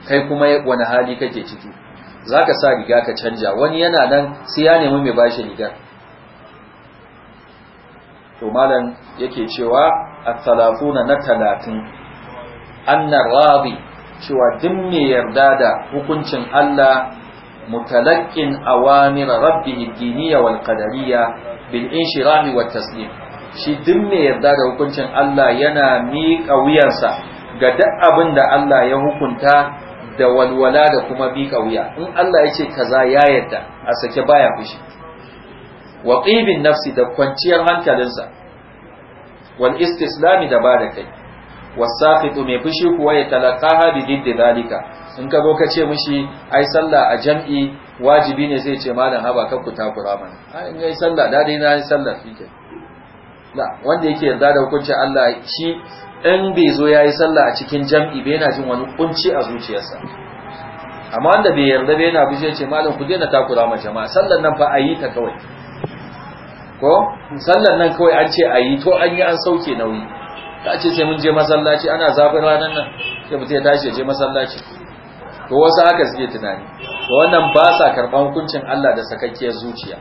kai kuma wani hali kake ciki zaka sa riga ka canja wani yana nan sai ya nemi mai bashi rigar to malam yake cewa at-talafuna na 30 annar rabi cewa duk mai yarda da hukuncin Allah mutalakin awamir rabbih diniya wal qadariya bil inshirami wat taslim shi duk mai yarda da hukuncin Allah yana miƙa wuyarsa ga duk abin da Allah ya hukunta da walwala da kuma miƙa wuya in Allah ya ce kaza ya yarda a sake baya fushi wa qibin nafsi da kwanciyar hankalinsa wal istislami da ba kai wasaqitu mai fushi kuwa ya talaqaha bi didda zalika in ka zo ka ce mishi ai sallah a jam'i wajibi ne zai ce malam haba kar ku takura mana ai in yi sallah da dai na yi sallah shike la wanda yake yarda da hukuncin Allah shi in bai zo yayi sallah a cikin jam'i bai na jin wani kunci a zuciyarsa amma wanda bai yarda bai na bushe ce malam ku daina takura ma jama'a sallan nan fa ayi ta kawai ko sallan nan kawai an ce ayi to an yi an sauke nauyi ta ce sai mun je masallaci ana zafin ranar nan sai mutum ya tashi ya je masallaci to wasu haka suke tunani to wannan ba sa karɓar hukuncin Allah da sakakkiyar zuciya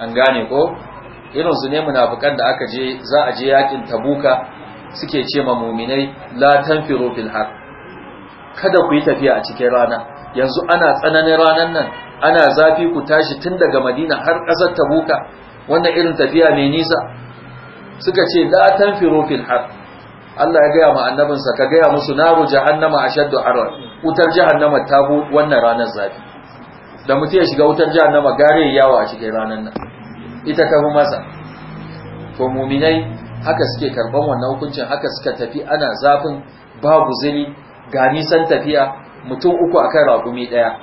an gane ko irin su ne munafikan da aka je za a je yakin tabuka suke ce ma muminai la tanfiru fil har kada ku yi tafiya a cikin rana yanzu ana tsananin ranan nan ana zafi ku tashi tun daga madina har ƙasar tabuka wannan irin tafiya mai nisa suka ce la tanfiru fil har Allah ya gaya ma annabinsa ka gaya musu naru jahannama ashaddu harar wutar jahannama ta bu wannan ranar zafi da mutum ya shiga wutar jahannama gare yawa a cikin ranar nan ita ta masa to muminai haka suke karban wannan hukuncin haka suka tafi ana zafin babu zuri ga nisan tafiya mutum uku akan rakumi ɗaya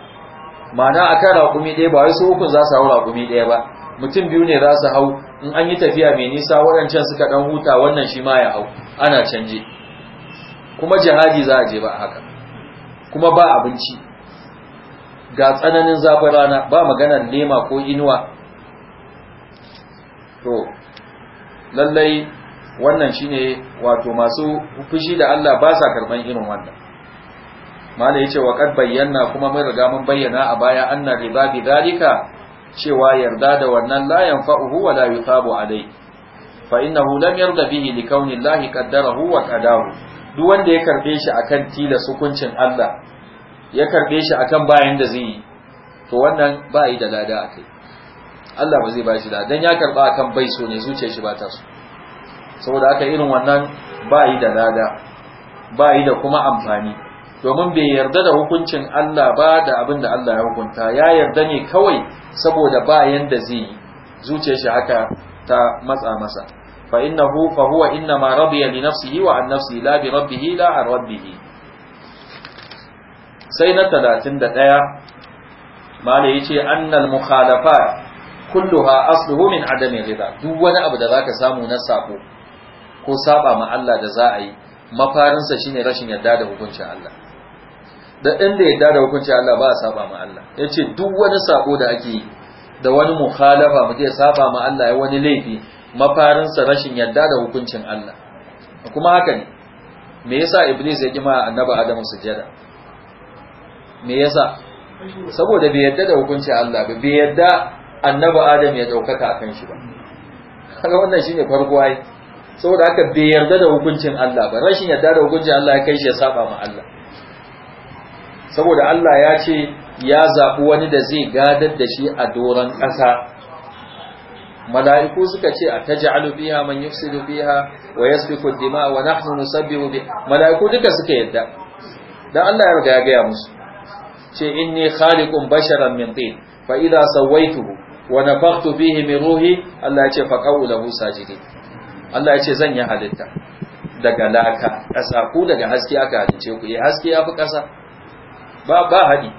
ma'ana akan rakumi ɗaya ba wai su uku za su hau rakumi ɗaya ba mutum biyu ne za su hau in an yi tafiya mai nisa waɗancan suka ɗan huta wannan shi ma ya hau ana canje kuma jihadi za a je ba haka kuma ba abinci ga tsananin zafin rana ba maganar nema ko inuwa to lallai wannan shi ne wato masu fushi da Allah ba sa karɓar irin wannan ya ce wa qad bayyana kuma mun riga mun bayyana a baya ana riba bi zalika cewa yarda da wannan la yanfa'uhu wa la yusabu alai fa innahu lam yarda bihi li kauni llahi qaddarahu wa qadahu duk wanda ya karbe shi akan tilas sukuncin Allah ya karbe shi akan bayan da zai to wannan ba yi da lada akai Allah ba zai ba shi da dan ya karba akan bai so ne zuciyar shi ba ta so saboda haka irin wannan ba yi da lada ba yi da kuma amfani domin bai yarda da hukuncin Allah ba da abin da Allah ya hukunta ya yarda ne kawai saboda ba yanda zai yi zuciyar shi haka ta matsa masa fa innahu fa huwa inna ma radiya li nafsihi wa an nafsihi la bi rabbihi la an rabbih sai na 31 mala yace annal mukhalafat kulluha asluhu min adami rida duk wani abu da zaka samu na sako ko saba ma Allah da za a yi mafarinsa shine rashin yarda da hukuncin Allah da inda da yadda da hukunci Allah ba a saba ma Allah ya ce duk wani sako da ake yi da wani mukhalafa mu ya saba ma Allah ya wani laifi mafarinsa rashin yadda da hukuncin Allah kuma haka ne me yasa iblis ya kima annabi adamu sujada me yasa saboda bai yadda da hukuncin Allah ba bai yadda annabi adam ya daukaka akan shi ba kaga wannan shine farko ai saboda haka bai yarda da hukuncin Allah ba rashin yadda da hukuncin Allah ya kai shi ya saba ma Allah saboda Allah ya ce ya zaɓi wani da zai gadar da shi a doron ƙasa mala'iku suka ce a ta ja'alu biya man yufsidu biya wa yasfiku dima wa nahnu nusabbihu bi mala'iku duka suka yadda dan Allah ya riga ya gaya musu ce inni khaliqun basharan min tin fa idza sawaituhu wa nafakhtu bihi min ruhi Allah ya ce fa musa sajidin Allah ya ce zan yi halitta daga laka ƙasa ku daga haske aka halice ku yi eh, haske ya fi ƙasa ba ba haɗi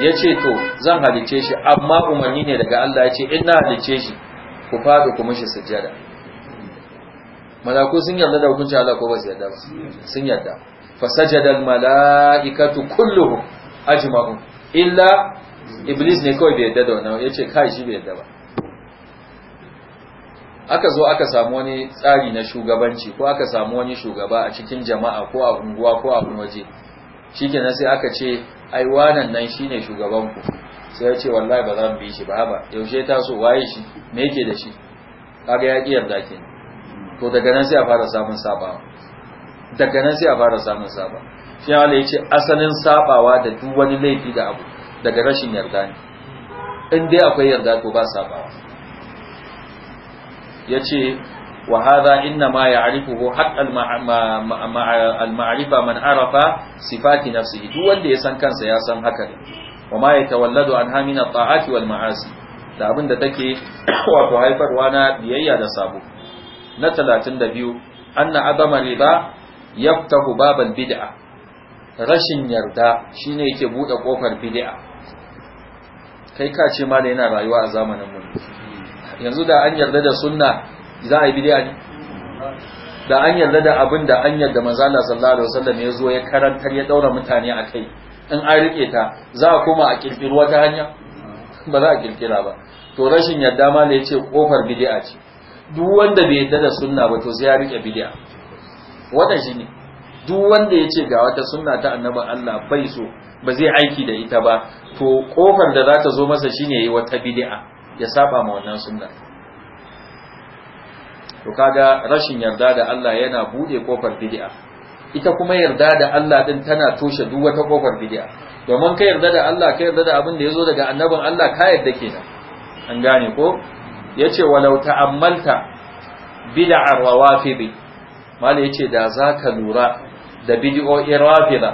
ya ce to zan halice shi amma umarni ne daga Allah ya ce in na halice shi ku faɗi ku mishi sujjada malaku sun yarda da hukuncin Allah ko ba su yarda ba sun yarda fa sajada al malaikatu kulluhum ajma'un illa iblis ne kawai bai yarda da wannan yace kai shi bai yarda ba aka zo aka samu wani tsari na shugabanci ko aka samu wani shugaba a cikin jama'a ko a unguwa ko a wani waje kenan sai aka ce ai wanan nan shine shugaban ku sai ya ce wallahi ba za mu bi shi ba ba yaushe ta so waye shi me yake da shi kaga ya ki yarda ke to daga nan sai a fara samun saba daga nan sai a fara samun saba shi ya ce asalin sabawa da duk wani laifi da abu daga rashin yarda ne in dai akwai yarda to ba sabawa yace Wahaza hadha inna ma ya'rifuhu haqqal al-ma'rifa man arafa sifati nafsihi duk wanda ya san kansa ya san haka ne wa ma yatawalladu anha min at-ta'ati wal da abin da take wato haifarwa na biyayya da sabo na 32 anna adama riba yaftahu babal bid'a rashin yarda shine yake buɗe kofar bid'a kai ka ce ma da yana rayuwa a zamanin mu yanzu da an yarda da sunna za a yi bidiya ne da an yarda da abin da an yarda manzo Allah sallallahu alaihi wasallam ya zo ya karantar ya daura mutane a kai in an rike ta za a koma a kirkiro wata hanya ba za a kirkira ba to rashin yarda ma ne yace kofar bid'a ce duk wanda bai yarda da sunna ba to sai ya rike bid'a wannan shine duk wanda yace ga wata sunna ta annabi Allah bai so ba zai aiki da ita ba to kofar da za ta zo masa shine yayi wata bid'a ya saba ma wannan sunna to kaga rashin yarda da Allah yana bude kofar bid'a ita kuma yarda da Allah din tana toshe duk wata kofar bid'a domin ka yarda da Allah ka yarda da abin da yazo daga annabin Allah ka yarda kenan an gane ko yace walau ta'ammalta bid'a rawafid mala yace da zaka lura da bid'o rafida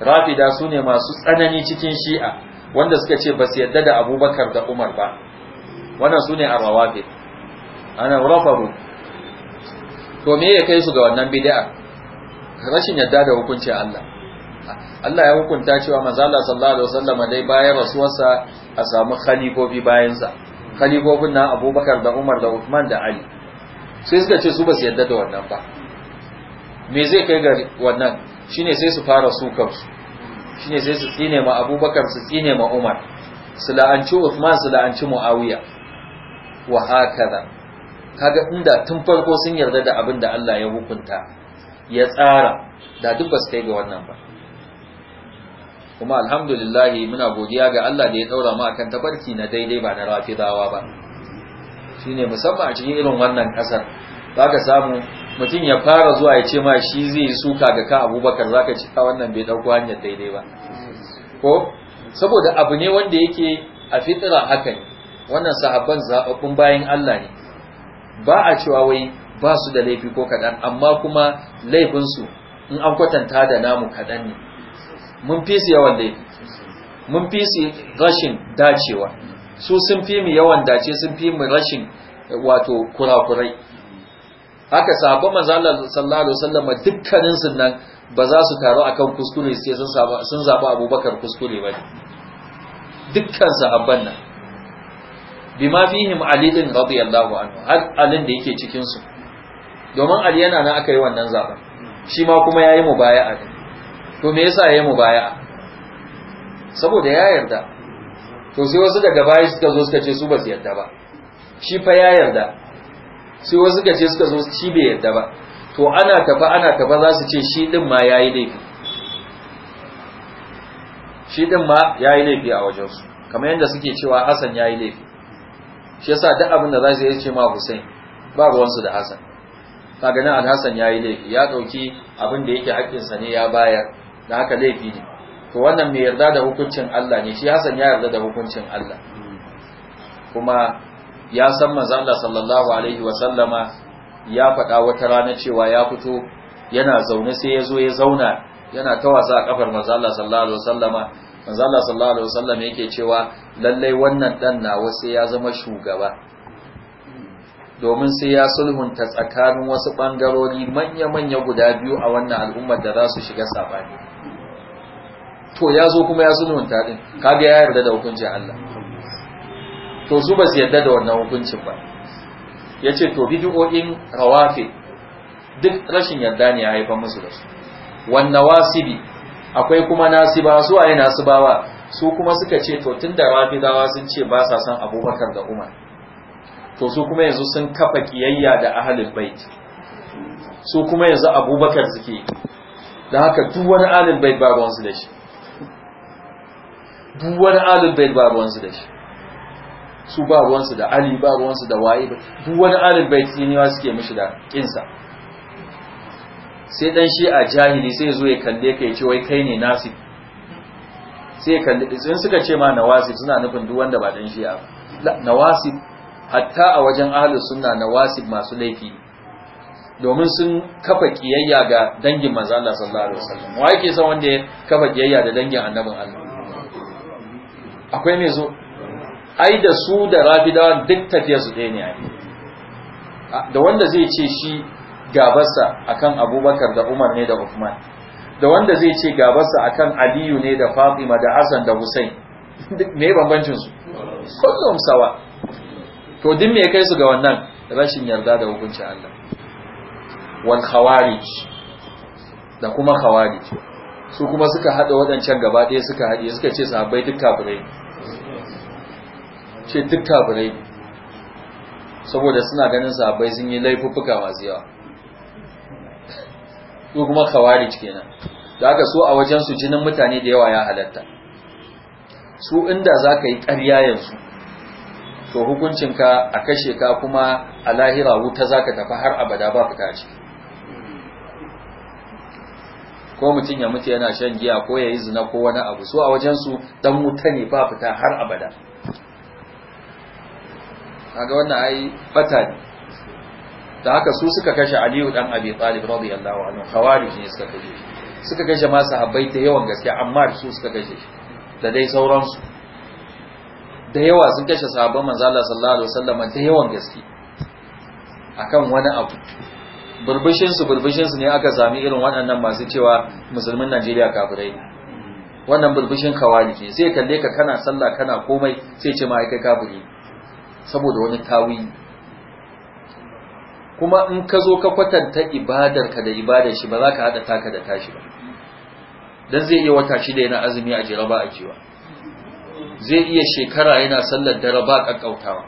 rafida sune masu tsanani cikin shi'a wanda suka ce ba su yarda da Abubakar da Umar ba wannan sune arwafid ana rafaru to me ya kai su ga wannan bid'a rashin yadda da hukuncin Allah Allah ya hukunta cewa manzo Allah sallallahu alaihi wasallam dai bayan rasuwarsa a samu khalifofi bayansa khalifofin nan Abubakar da Umar da Uthman da Ali sai suka ce su ba su yadda da wannan ba me zai kai ga wannan shine sai su fara su kansu shine sai su tsine ma Abubakar su tsine ma Umar su la'anci Uthman su la'anci Muawiya wa hakaza kaga inda tun farko sun yarda da abin da Allah ya hukunta ya tsara da duk ba su kai ga wannan ba kuma alhamdulillah muna godiya ga Allah da ya daura mu akan tabarki na daidai ba na rafidawa ba shine musamman a cikin irin wannan kasar zaka samu mutum ya fara zuwa ya ce ma shi zai suka ga ka Abubakar zaka ci ka wannan bai dauko hanyar daidai ba ko saboda abu ne wanda yake a fitira haka ne wannan sahabban zababbun bayan Allah ne ba a cewa wai ba su da laifi ko kaɗan amma kuma laifinsu in an kwatanta da namu kaɗan ne mun fi su yawan laifi mun fi su rashin dacewa su sun fi mu yawan dace sun fi mu rashin wato kurakurai haka sabon manzo sallallahu alaihi wasallam dukkanin sun nan ba za su taru akan kuskure sai sun sun zaba Abubakar kuskure ba dukkan sahabban nan bima fihim ali din radiyallahu anhu har alin da yake cikin su domin ali yana nan aka yi wannan zaba shi ma kuma yayi mubaya'a to me yasa yayi mubaya'a saboda ya yarda to sai wasu daga baya suka zo suka ce su ba su yarda ba shi fa ya yarda sai wasu suka ce suka zo shi bai yarda ba to ana tafa ana tafa za su ce shi din ma yayi laifi shi din ma yayi laifi a wajensu kamar yadda suke cewa Hassan yayi laifi shi yasa duk abin da za su yi ma Hussein ba ruwansu da Hassan kaga nan Al-Hassan yayi laifi ya dauki abin da yake haƙin sa ne ya bayar da haka laifi ne to wannan mai yarda da hukuncin Allah ne shi Hassan ya yarda da hukuncin Allah kuma ya san manzo Allah sallallahu alaihi wa sallama ya faɗa wata rana cewa ya fito yana zaune sai ya zo ya zauna yana ta wasa a kafar manzo Allah sallallahu alaihi wa sallama manzo Allah sallallahu alaihi wasallam yake cewa lallai wannan dan na sai ya zama shugaba domin sai ya sulhunta tsakanin wasu bangarori manya-manya guda biyu a wannan al'ummar da za su shiga sabani to ya zo kuma ya sulhunta din kage ya yarda da hukuncin Allah to su ba su yarda da wannan hukuncin ba yace to bid'o'in rawafi duk rashin yarda ne ya haifar musu da su wannan wasibi akwai kuma nasiba su waye nasibawa su kuma suka ce to tunda rafidawa sun ce ba sa san abubakar da umar to su kuma yanzu sun kafa kiyayya da ahlul bait su kuma yanzu abubakar suke da haka duk wani ahlul bait ba ruwansu da shi duk wani ahlul bait ba ruwansu da shi su ba ruwansu da ali ba ruwansu da waye ba duk wani ahlul bait ne suke mishi da kinsa sai dan shi a jahili sai zo ya kalle ka ya ce wai kai ne nasi. sai ya kalle sun suka ce ma nawasi suna nufin duk wanda ba dan shi a nawasi hatta a wajen ahlus sunna nawasi masu laifi domin sun kafa kiyayya ga dangin manzo Allah sallallahu alaihi wasallam wa yake son wanda ya kafa kiyayya da dangin annabin Allah akwai me zo ai da su da rafidawa duk tafiyar su ɗaya ne ai da wanda zai ce shi gabarsa akan abubakar da umar ne da uthman da wanda zai ce gabarsa akan aliyu ne da fatima da hassan da husain me bambancin su kullum sawa to din me kai su ga wannan rashin yarda da hukuncin Allah wal khawarij da kuma khawarij su kuma suka hada wadancan gaba ɗaya suka hadiye suka ce sahabbai duk kafirai ce duk kafirai saboda suna ganin sahabbai sun yi laifuffuka masu yawa su kuma khawarij kenan da aka so a wajen su jinin mutane da yawa ya halatta su inda za ka yi ƙarya yanzu to ka a kashe ka kuma a lahira wuta zaka tafi har abada ba fita ci ko mutum ya mutu yana shan giya ko ya yi zina ko wani abu so a wajen su dan wuta ne ba fita har abada kaga wannan ai bata ne da haka su suka kashe aliyu dan abi talib radiyallahu anhu khawarij ne suka kashe shi suka kashe ma sahabbai ta yawan gaske amma su suka kashe da dai sauransu da yawa sun kashe sahabban manzo Allah sallallahu alaihi wasallam ta yawan gaske akan wani abu burbushin su burbushin su ne aka sami irin waɗannan masu cewa musulmin Najeriya kafirai wannan burbushin khawarij ne sai kalle ka kana sallah kana komai sai ce ma ai kai kafiri saboda wani tawili kuma in ka zo ka kwatanta ibadarka da ibadar shi ba za ka haɗa taka da tashi ba Dan zai iya wata shida yana azumi a jira a jiwa zai iya shekara yana sallar dare ba ƙaƙƙautawa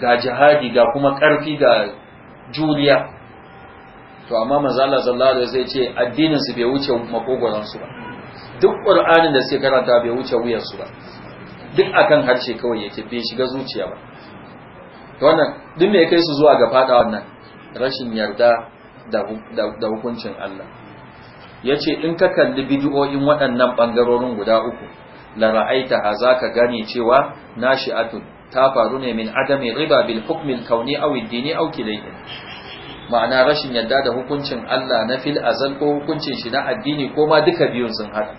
ga jihadi ga kuma ƙarfi ga juriya to amma manzo Allah sallallahu ce addinin su bai wuce makogoran ba duk qur'anin da sai karanta bai wuce wuyar su ba duk akan harshe kawai yake bai shiga zuciya ba to wannan duk me ya kai su zuwa ga fada wannan rashin yarda da hukuncin Allah ya ce in ka kalli bidiyoyin waɗannan ɓangarorin guda uku la ra'aita ha za ka gane cewa na nashi'atun ta faru ne min adamin riba bil hukmin kauni aw dini auki kilayhi ma'ana rashin yarda da hukuncin Allah na fil azal ko hukuncin shi na addini ko ma duka biyun sun haɗa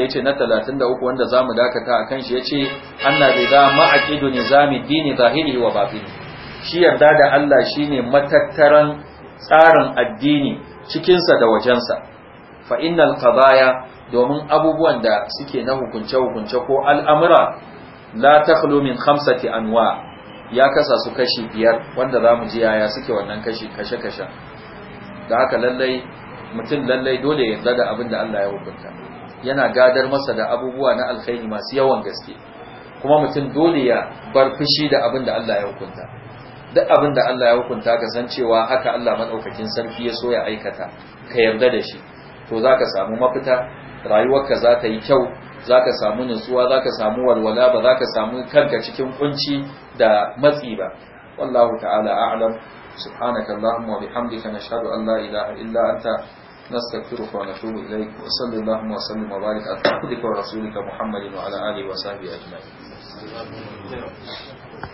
ya ce na talatin da 33 wanda za mu dakata a kan shi ya ce yace ma'aƙidu ne za mu dini zahiri wa bafini shi yarda da Allah shine matattaran tsarin addini cikinsa da wajensa fa'inal kazaya domin abubuwan da suke na hukunce hukunce ko al'amura la takhlu min anwa ya kasa su kashi biyar wanda zamu ji yaya suke wannan kashi kashe kashe da haka lallai mutum lallai dole ya da abin da Allah ya hukunta yana gadar masa da abubuwa na alkhairi masu yawan gaske kuma mutum dole ya bar fushi da abin da Allah ya hukunta duk abin da Allah ya hukunta ka san cewa haka Allah madaukakin sarki ya so ya aikata ka yarda da shi to zaka samu mafita rayuwarka za ta yi kyau zaka samu nutsuwa zaka samu walwala ba zaka samu kanka cikin kunci da matsi ba wallahu ta'ala a'lam سبحانك اللهم وبحمدك نشهد أن لا إله إلا أنت نستغفرك ونتوب إليك وصلى اللهم وسلم وبارك على عبدك ورسولك محمد وعلى آله وصحبه أجمعين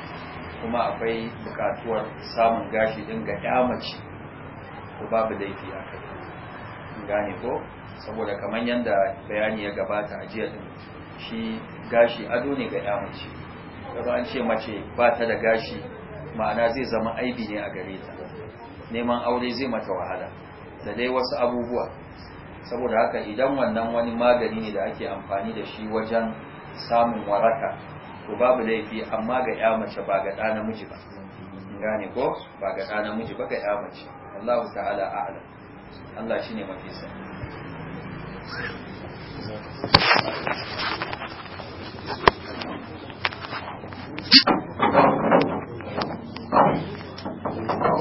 kuma akwai bukatuwar samun gashi din ga yamace ko babu laifi a kai gane ko saboda kamar yadda bayani ya gabata a jiya din shi gashi ado ne ga yamace ba an ce mace ba ta da gashi ma'ana zai zama aibi ne a gare ta neman aure zai mata wahala da dai wasu abubuwa saboda haka idan wannan wani magani ne da ake amfani da shi wajen samun waraka to babu laifi amma ga ya mace ba ga ɗa miji ba gane ko ba ga ɗa miji ba ga ya mace Allahu ta'ala a'lam Allah shine mafi sani